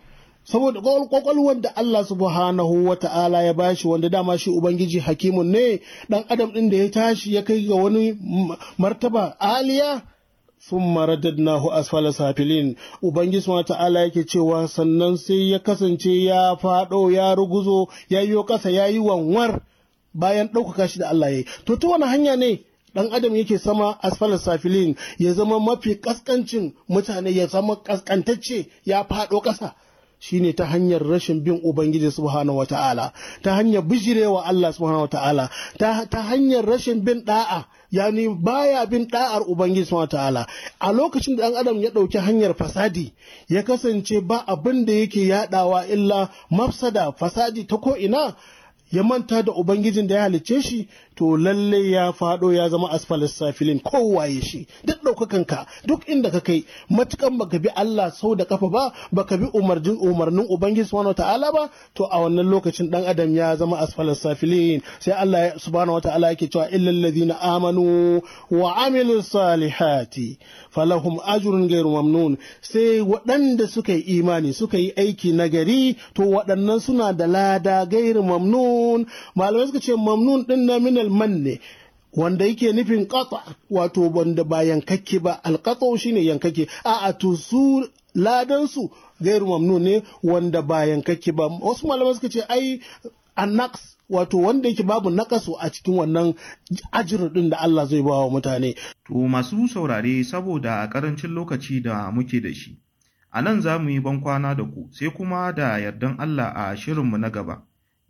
saboda kwakwalwar da Allah subhanahu wa ta'ala ya bashi wanda dama shi ubangiji hakimun ne ɗan adam ɗin da ya tashi ya kai ga wani martaba aliya sun maradadnahu asfala safilin ubangiji wa ta'ala yake cewa sannan sai ya kasance ya fado ya ruguzo ya yi kasa ya yi wanwar bayan ɗaukaka shi da Allah ya yi to ta wani hanya ne ɗan adam yake sama asfala safilin ya zama mafi ƙasƙancin mutane ya zama ƙasƙantacce, ya faɗo ƙasa shine ta hanyar rashin bin ubangiji subhanahu wata'ala ta hanyar bijirewa Allah subhanahu wata'ala ta, ta hanyar rashin bin da'a yani baya bin da'ar ubangiji subhanahu wata'ala a lokacin da dan adam ya dauki hanyar fasadi ya kasance ba abin da yake yadawa illa mafsada fasadi ta ko ina ya manta da ubangijin da ya halicce shi to lalle ya faɗo ya zama asfalis safilin kowaye shi duk ɗaukakan ka duk inda ka kai matukan baka bi Allah sau da kafa ba baka bi umarnin umarnin ubangiji subhanahu ta'ala ba to a wannan lokacin dan adam ya zama asfalis safilin sai Allah subhanahu ta'ala yake cewa illal ladina amanu wa amilus salihati falahum ajrun ghairu mamnun sai waɗanda suka yi imani suka yi aiki nagari to waɗannan suna da lada gairu mamnun malamai suka ce mamnun din na minal alman ne wanda yake nufin ƙasa wato wanda ba yankakke ba shi ne yankakke a'a a tusu ladansu gairu mamnu ne wanda ba yankakke ba wasu malamai suka ce ai annaks wato wanda yake babu nakasu a cikin wannan ajir din da Allah zai ba wa mutane to masu saurare saboda karancin lokaci da muke da shi a nan za mu yi bankwana da ku sai kuma da yardan Allah a shirinmu na gaba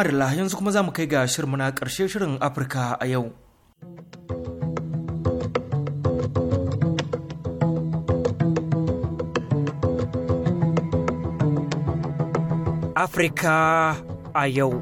Marilla yanzu kuma za mu kai ga shirin na ƙarshe shirin Afirka a yau. Afirka a yau.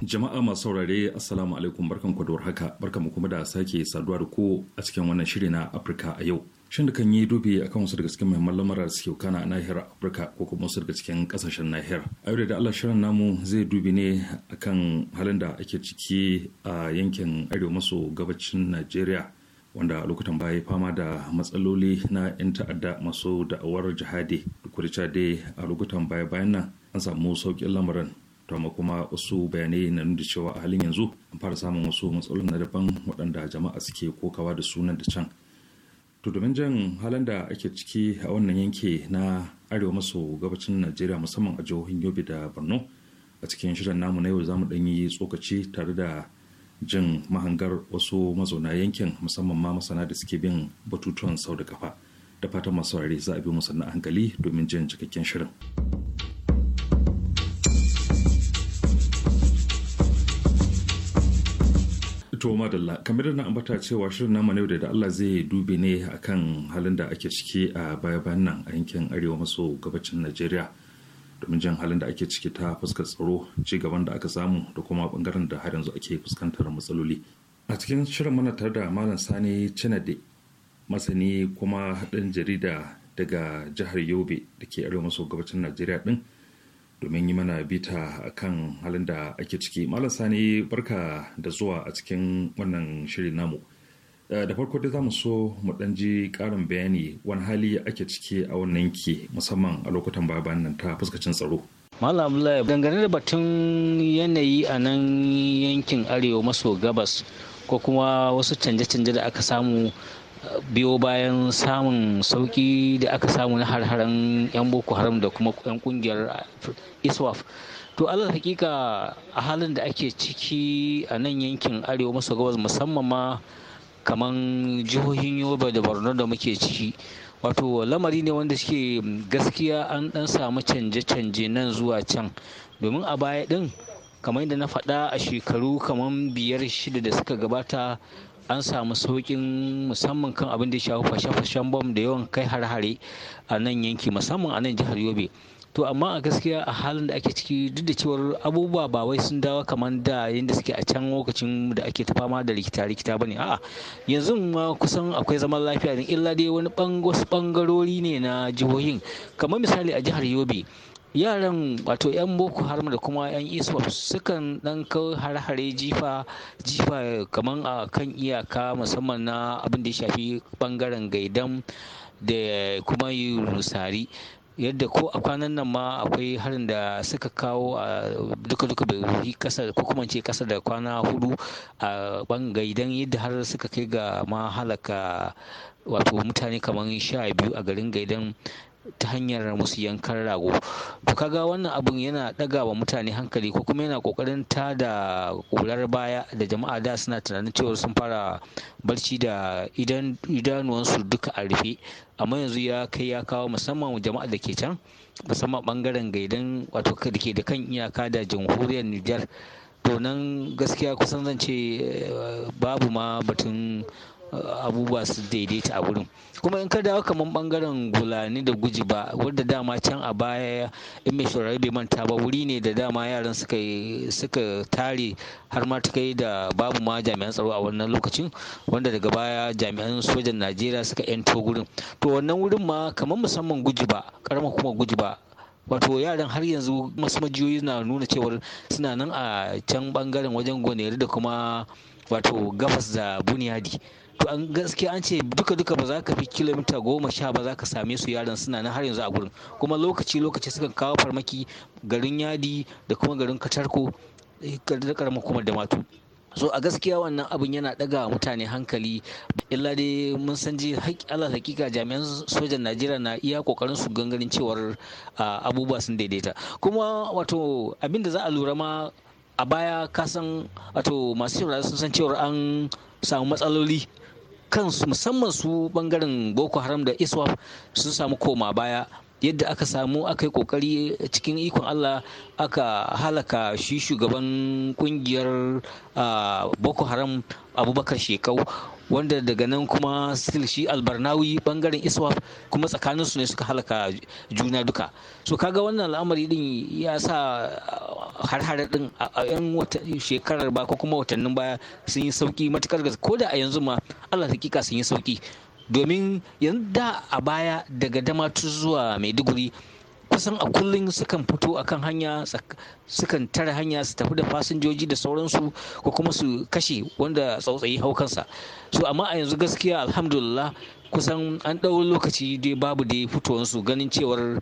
Jama'a masu saurare Assalamu alaikum barkan da barkan mu kuma da sake saduwa da ku a cikin wannan shiri na Afirka a yau. shin da kan yi dubi a kan wasu daga cikin muhimman lamura da suke kana a nahiyar afirka ko kuma wasu daga cikin kasashen nahiyar a yau da allah shirin namu zai dubi ne a kan halin da ake ciki a yankin arewa maso gabacin najeriya wanda a lokutan baya fama da matsaloli na 'yan ta'adda masu da'awar jihadi kurca dai a lokutan baya bayan nan an samu sauƙin lamarin to amma kuma wasu bayanai na nuna cewa a halin yanzu an fara samun wasu matsalolin na daban waɗanda jama'a suke kokawa da sunan da can to domin jan halin da ake ciki a wannan yanki na arewa maso gabacin najeriya musamman a jihohin yobe da borno a cikin shirin namu na yau zamu ɗan yi tsokaci tare da jin mahangar wasu mazauna yankin musamman ma masana da suke bin batutuwan sau da kafa da fatan masu za a bi musanna hankali domin jin cikakken shirin. To madalla kamar na ambata cewa shirin namu yau da Allah zai dube ne akan halin da ake ciki a baya-bayan nan a yankin arewa maso gabacin Najeriya domin jan halin da ake ciki ta fuskar tsaro ci gaban da aka samu da kuma bangaren da har yanzu ake fuskantar matsaloli. A cikin shirin mana tare da Malam Sani Cinade masani kuma haɗin jarida daga jihar Yobe da ke arewa maso gabacin Najeriya din domin yi mana bita a kan halin da ake ciki malam sani barka da zuwa a cikin wannan shirin namu eh, da farko dai mu so mu dan ji karin bayani wani hali ake ciki a wannan ke musamman a lokutan baban nan ta fuskacin tsaro Malam Abdullahi dangane da batun yanayi a nan yankin arewa maso gabas ko kuma wasu canje-canje da aka samu biyo bayan samun sauki da aka samu na har-haren 'yan boko haram da kuma 'yan kungiyar iswaf to alal hakika a halin da ake ciki a nan yankin arewa maso gabas musamman ma kamar jihohin yobe da borno da muke ciki wato lamari ne wanda suke gaskiya an dan samu canje-canje nan zuwa can domin a baya din kamar yadda na faɗa a shekaru kamar biyar shida da suka gabata an samu sauƙin musamman kan abin da ya shafi fashe-fashen bom da yawan kai hare-hare a nan yanki musamman a nan jihar yobe to amma a gaskiya a halin da ake ciki duk da cewar abubuwa ba wai sun dawo kamar da yadda suke a can lokacin da ake ta fama da rikita rikita bane a'a yanzu ma kusan akwai zaman lafiya ne illa dai wani wasu bangarori ne na jihohin kamar misali a jihar yobe yaran wato 'yan boko haram da kuma 'yan iswap sukan dan kai har-hare jifa jifa kamar a kan iyaka musamman na abin da ya shafi bangaren gaidan da kuma rusari yadda ko a kwanan nan ma akwai harin da suka kawo a duka duka bai kasar ko kuma ce kasar da kwana hudu a bangaidan yadda har suka kai ga ma halaka wato mutane kamar sha biyu a garin gaidan ta hanyar musu yankan rago to kaga wannan abun yana daga wa mutane hankali ko kuma yana kokarin ta da kular baya da jama'a da suna tunanin cewa sun fara barci da idanuwansu duka a rufe amma yanzu ya kai ya kawo musamman jama'a da ke can musamman bangaren gaidan wato da ke da kan iyaka da jamhuriyar nijar to nan gaskiya kusan zan ce eh, babu ma batun abubuwa su daidaita a wurin kuma in ka dawo kamar bangaren gulani da guji ba wadda dama can a baya in mai shurare bai manta ba wuri ne da dama yaran suka suka tare har ma ta kai da babu ma jami'an tsaro a wannan lokacin wanda daga baya jami'an sojan najeriya suka yanto gurin to wannan wurin ma kamar musamman guji ba kuma guji ba wato yaran har yanzu masu majiyoyi na nuna cewar suna nan a can bangaren wajen goneri da kuma wato gabas da buniyadi to an gaskiya an ce duka duka ba za ka fi kilomita goma sha ba za ka same su yaran suna nan har yanzu a gurin kuma lokaci lokaci sukan kawo farmaki garin yadi da kuma garin katarko eh, da karamar kuma da matu so a gaskiya wannan abin yana daga mutane hankali illa dai mun san ji ala hakika jami'an sojan najeriya na iya kokarin su gangarin cewar abubuwa sun daidaita kuma wato abin da za a lura ma a baya kasan wato masu saurari sun san cewar an samu matsaloli kansu musamman su bangaren boko haram da iswaf sun samu koma baya yadda aka samu aka yi kokari cikin ikon allah aka halaka shi shugaban kungiyar ah, boko haram abubakar shekau wanda daga nan kuma still shi albarnawi bangaren iswaf kuma tsakaninsu ne suka halaka juna duka so kaga wannan al'amari din ya sa uh, har-hare din a yan shekarar ba ko kuma watannin baya sun yi sauki matukar gaske ko da a yanzu ma allah hakika sun yi sauki domin yadda a baya daga damatu zuwa maiduguri kusan a kullum sukan fito a kan hanya sukan tare hanya su tafi da fasinjoji da sauransu ko kuma su kashe wanda tsautsayi haukansa so amma a yanzu gaskiya alhamdulillah kusan an ɗau lokaci dai babu da fitowansu ganin cewar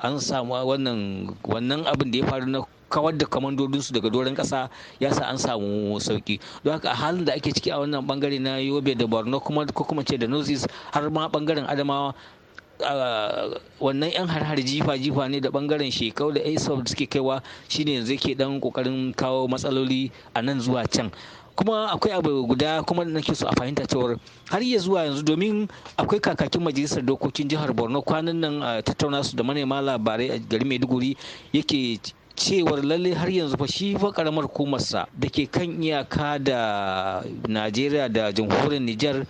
an samu wannan abin da ya faru na kawar da kamandodinsu daga doron ƙasa ya sa an samu sauki don haka a halin da ake ciki a wannan bangare na yobe da borno kuma ko kuma ce da nozis har ma bangaren adamawa wannan yan harhar jifa jifa ne da bangaren shekau da asof da suke kaiwa shine yanzu yake dan kokarin kawo matsaloli a nan zuwa can kuma akwai abu guda kuma da nake so a fahimta cewar har iya zuwa yanzu domin akwai kakakin majalisar dokokin jihar borno kwanan nan a tattauna su da manema labarai a garin maiduguri yake cewar lalle har yanzu fa shi fa karamar hukumarsa da ke kan iyaka da najeriya da jamhuriyar nijar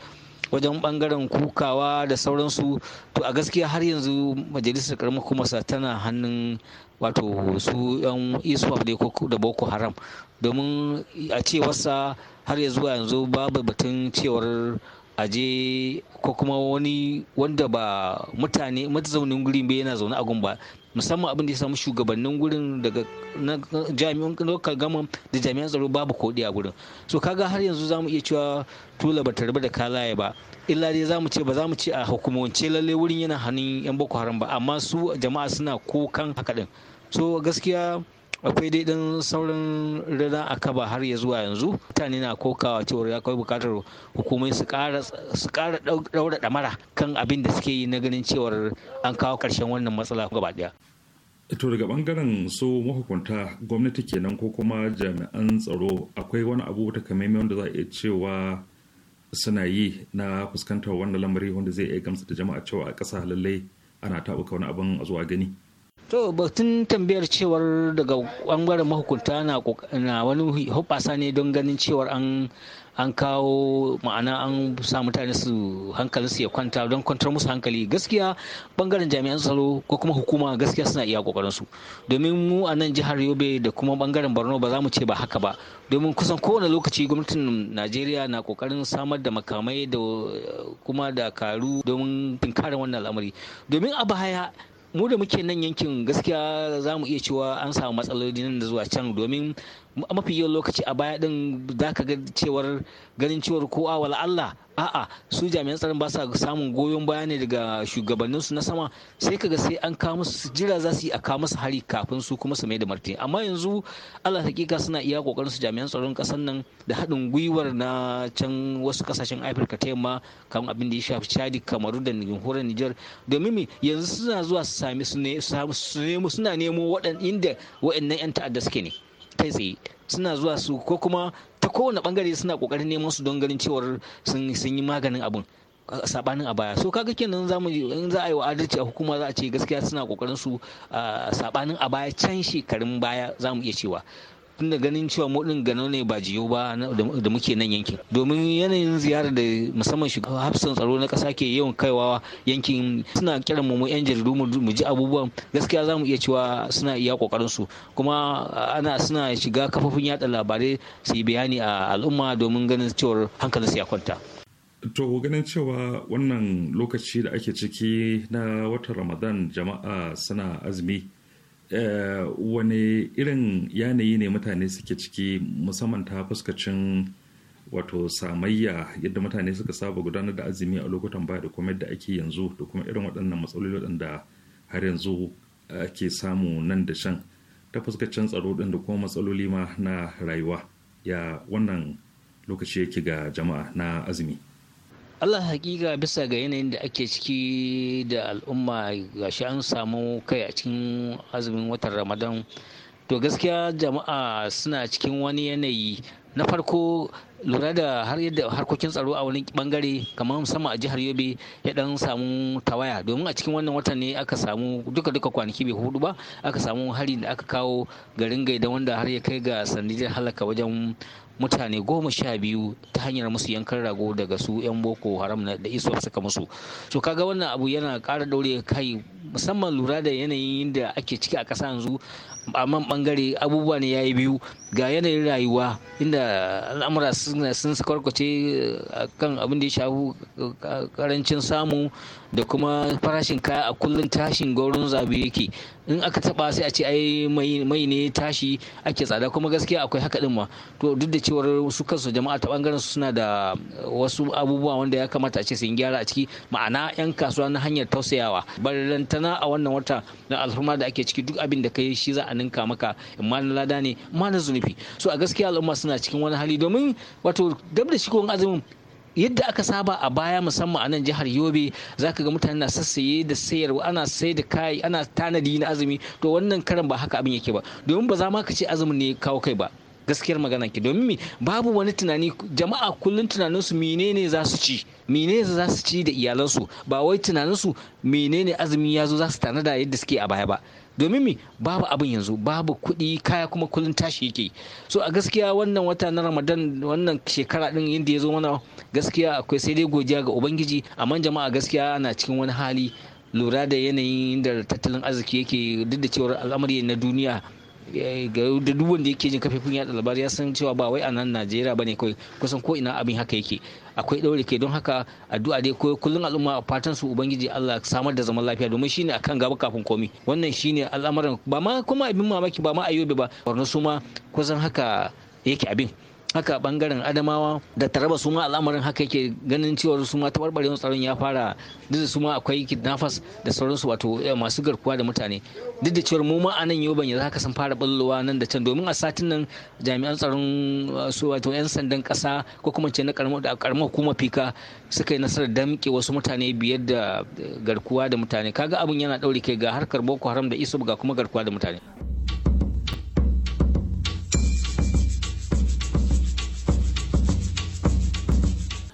wajen bangaren kukawa da sauransu to a gaskiya har yanzu majalisar karamar kumasa tana hannun wato su yan iswap e ne da boko haram domin a cewarsa har ya zuwa yanzu babu batun cewar aje ko kuma wani wanda ba mutane mazaunin guri bai yana zaune a gun ba musamman abin da ya samu shugabannin gurin daga jami'an local gaman da jami'an tsaro babu kodi a gurin so kaga har yanzu za mu iya cewa tula ba tarbi da kalaye ba illa dai za mu ce ba za mu ce a hukumance lalle wurin yana hannun yan boko haram ba amma su jama'a suna kokan haka din so gaskiya akwai dai dan sauran rana a kaba har ya zuwa yanzu mutane na kokawa cewar ya kawai bukatar hukumai su kara daura ɗamara kan abin da suke yi na ganin cewar an kawo karshen wannan matsala gaba daya to daga bangaren su mahukunta gwamnati kenan ko kuma jami'an tsaro akwai wani abu takamaimai wanda za a iya cewa suna yi na fuskantar wannan lamari wanda zai iya gamsa da jama'a cewa a ƙasa lallai ana taɓuka wani abin zuwa gani to batun tambayar cewar daga bangaren mahukunta na wani hoɓasa ne don ganin cewar an an kawo ma'ana an sa mutane su hankali su ya kwanta don kwantar musu hankali gaskiya bangaren jami'an tsaro ko kuma hukuma gaskiya suna iya kokarin su domin mu a nan jihar yobe da kuma bangaren borno ba za mu ce ba haka ba domin kusan kowane lokaci gwamnatin najeriya na kokarin samar da makamai da kuma da karu domin tinkarin wannan al'amari domin a baya mu da muke nan yankin gaskiya za mu iya cewa an samu matsaloli nan da zuwa can domin mafi yawan lokaci a baya din za ka ga cewar ganin cewar ko a Allah a'a su jami'an tsaron ba sa samun goyon baya ne daga shugabanninsu na sama sai ka ga sai an kawo musu jira za su yi a kawo musu hari kafin su kuma su mai da martini amma yanzu Allah hakika suna iya kokarin su jami'an tsaron kasan nan da haɗin gwiwar na can wasu kasashen Afirka ta yamma kan abin da ya shafi Chadi Kamaru da Jamhuriyar Niger domin me yanzu suna zuwa su sami su ne suna nemo waɗannan inda waɗannan 'yan ta'adda suke ne kai tsaye suna zuwa su ko kuma ta kowane bangare suna kokarin neman su don ganin cewar sun yi maganin abin sabanin a baya so kaga kenan zamu in za a yi wa adalci a hukuma za a ce gaskiya suna kokarin su ah, sabanin a baya can shekarun baya zamu iya cewa tunda ganin cewa mu din gano ne ba jiyo ba da muke nan yankin domin yanayin ziyarar da musamman shi hafsan tsaro na kasa ke yawan kaiwa yankin suna kiran mu yan jaridu mu ji abubuwan gaskiya za mu iya cewa suna iya kokarin su kuma ana suna shiga kafofin yada labarai su yi bayani a al'umma domin ganin cewar hankalinsu ya kwanta To ganin cewa wannan lokaci da ake ciki na watan Ramadan jama'a suna azumi Eh, wani irin yanayi ne mutane suke ciki musamman ta fuskacin wato samayya yadda mutane suka saba gudanar da azumi a lokutan baya da kuma yadda ake yanzu da kuma irin waɗannan matsaloli waɗanda har yanzu eh, ake samu nan da shan ta fuskacin tsaro ɗin da kuma matsaloli ma na rayuwa ya wannan lokaci yake ga jama'a na azumi allah hakika bisa ga yanayin da ake ciki da al'umma gashi an samu kai a cikin azumin watan ramadan to gaskiya jama'a suna cikin wani yanayi na farko lura da har yadda harkokin tsaro a wani bangare kamar musamman a jihar yobe ya dan samu tawaya domin a cikin wannan watan ne aka samu duka duka kwanaki bai hudu ba aka samu hari da aka kawo garin gaida wanda har ya kai ga sanadiyar halaka wajen mutane goma sha biyu ta hanyar musu yankan rago daga su 'yan boko haram da iso suka musu to kaga wannan abu yana ƙara daure kai musamman lura da yanayin da ake ciki a ƙasa yanzu a man bangare abubuwa ne ya yi biyu ga yanayin rayuwa inda al'amura sun sakwarkwace eh, kan abin da ya shafi karancin eh, samu da kuma farashin kaya a kullum tashin gaurin zabi yake in aka taba sai a ce ai mai ne tashi ake tsada kuma gaskiya akwai haka din ma to duk da cewar su kansu jama'a ta bangaren su suna da eh, wasu abubuwa wanda ya kamata a ce sun gyara a ciki ma'ana yan kasuwa na hanyar tausayawa barantana a wannan wata na alhurma da ake ciki duk abin da kai shi za a ninka maka in ma na lada ne ma na zunubi so a gaskiya al'umma suna cikin wani hali domin wato dab da ko azumin yadda aka saba a baya musamman a nan jihar yobe zaka ga mutane na sassaye da sayarwa ana sai da kai ana tanadi na azumi to wannan karan ba haka abin yake ba domin ba za ma ka ce azumin ne kawo kai ba gaskiyar magana ki domin me babu wani tunani jama'a kullun tunanin su menene za su ci menene za su ci da iyalansu ba wai tunanin su menene azumi ya zo za su tanada yadda suke a baya ba domin mi babu abin yanzu babu kuɗi kaya kuma kullun tashi yake so a gaskiya wannan wata na ramadan wannan shekara din yadda ya zo mana gaskiya akwai sai dai godiya ga ubangiji amma jama'a gaskiya ana cikin wani hali lura da yanayin da tattalin arziki yake duk da cewar al'amari na duniya da eh, duk wanda yake jin kafin yaɗa labari ya san cewa ba wai a nan Najeriya bane kawai kusan ko ina abin haka yake akwai ɗaure ke don haka addu'a dai kullum al'umma a fatan su ubangiji Allah samar da zaman lafiya domin shine akan gaba kafin komi wannan shine al'amarin ba ma kuma abin mamaki ba ma ayobe ba Borno su ma kusan haka yake abin haka bangaren adamawa da taraba su ma al'amarin haka yake ganin cewa su ma tsaron ya fara duk da su ma akwai kidnafas da sauransu wato eh, masu garkuwa da mutane duk da cewar mu ma a nan ban yanzu haka sun fara ballowa nan da can domin a satin nan jami'an tsaron eh, su wato yan sandan kasa ko kuma ce na karamar hukumar fika suka yi nasarar damƙe wasu mutane biyar da eh, garkuwa da mutane kaga abin yana ɗaure kai ga harkar boko haram da isu ga kuma garkuwa da mutane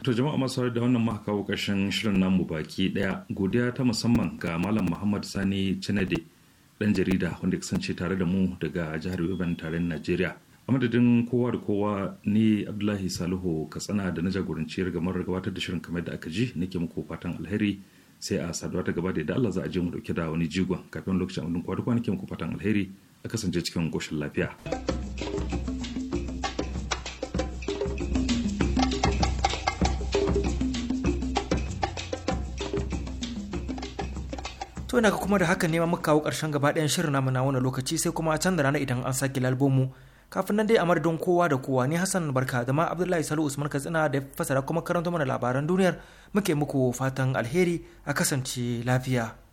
To jama'a masu da wannan muka kawo ƙarshen shirin namu baki ɗaya godiya ta musamman ga Malam Muhammad Sani Chinade ɗan jarida wanda kasance tare da mu daga jihar Yobe tarayyar Najeriya. A madadin kowa da kowa ni Abdullahi Salihu Katsina da na jagoranci gamar gabatar da shirin kamar da aka ji nake muku fatan alheri sai a saduwa ta gaba da yadda Allah za a je mu dauke da wani jigon kafin lokacin abin kwadukwa nake muku fatan alheri a kasance cikin goshin lafiya. to ina ga kuma da haka ne ma muka kawo ƙarshen gaba ɗayan shirin namu na wani lokaci sai kuma can da rana idan an sake lalbomu kafin nan dai a don kowa da kowa ni Hassan Barka da ma Abdullahi Salu Usman Katsina da fasara kuma karanta mana labaran duniyar muke muku fatan alheri a kasance lafiya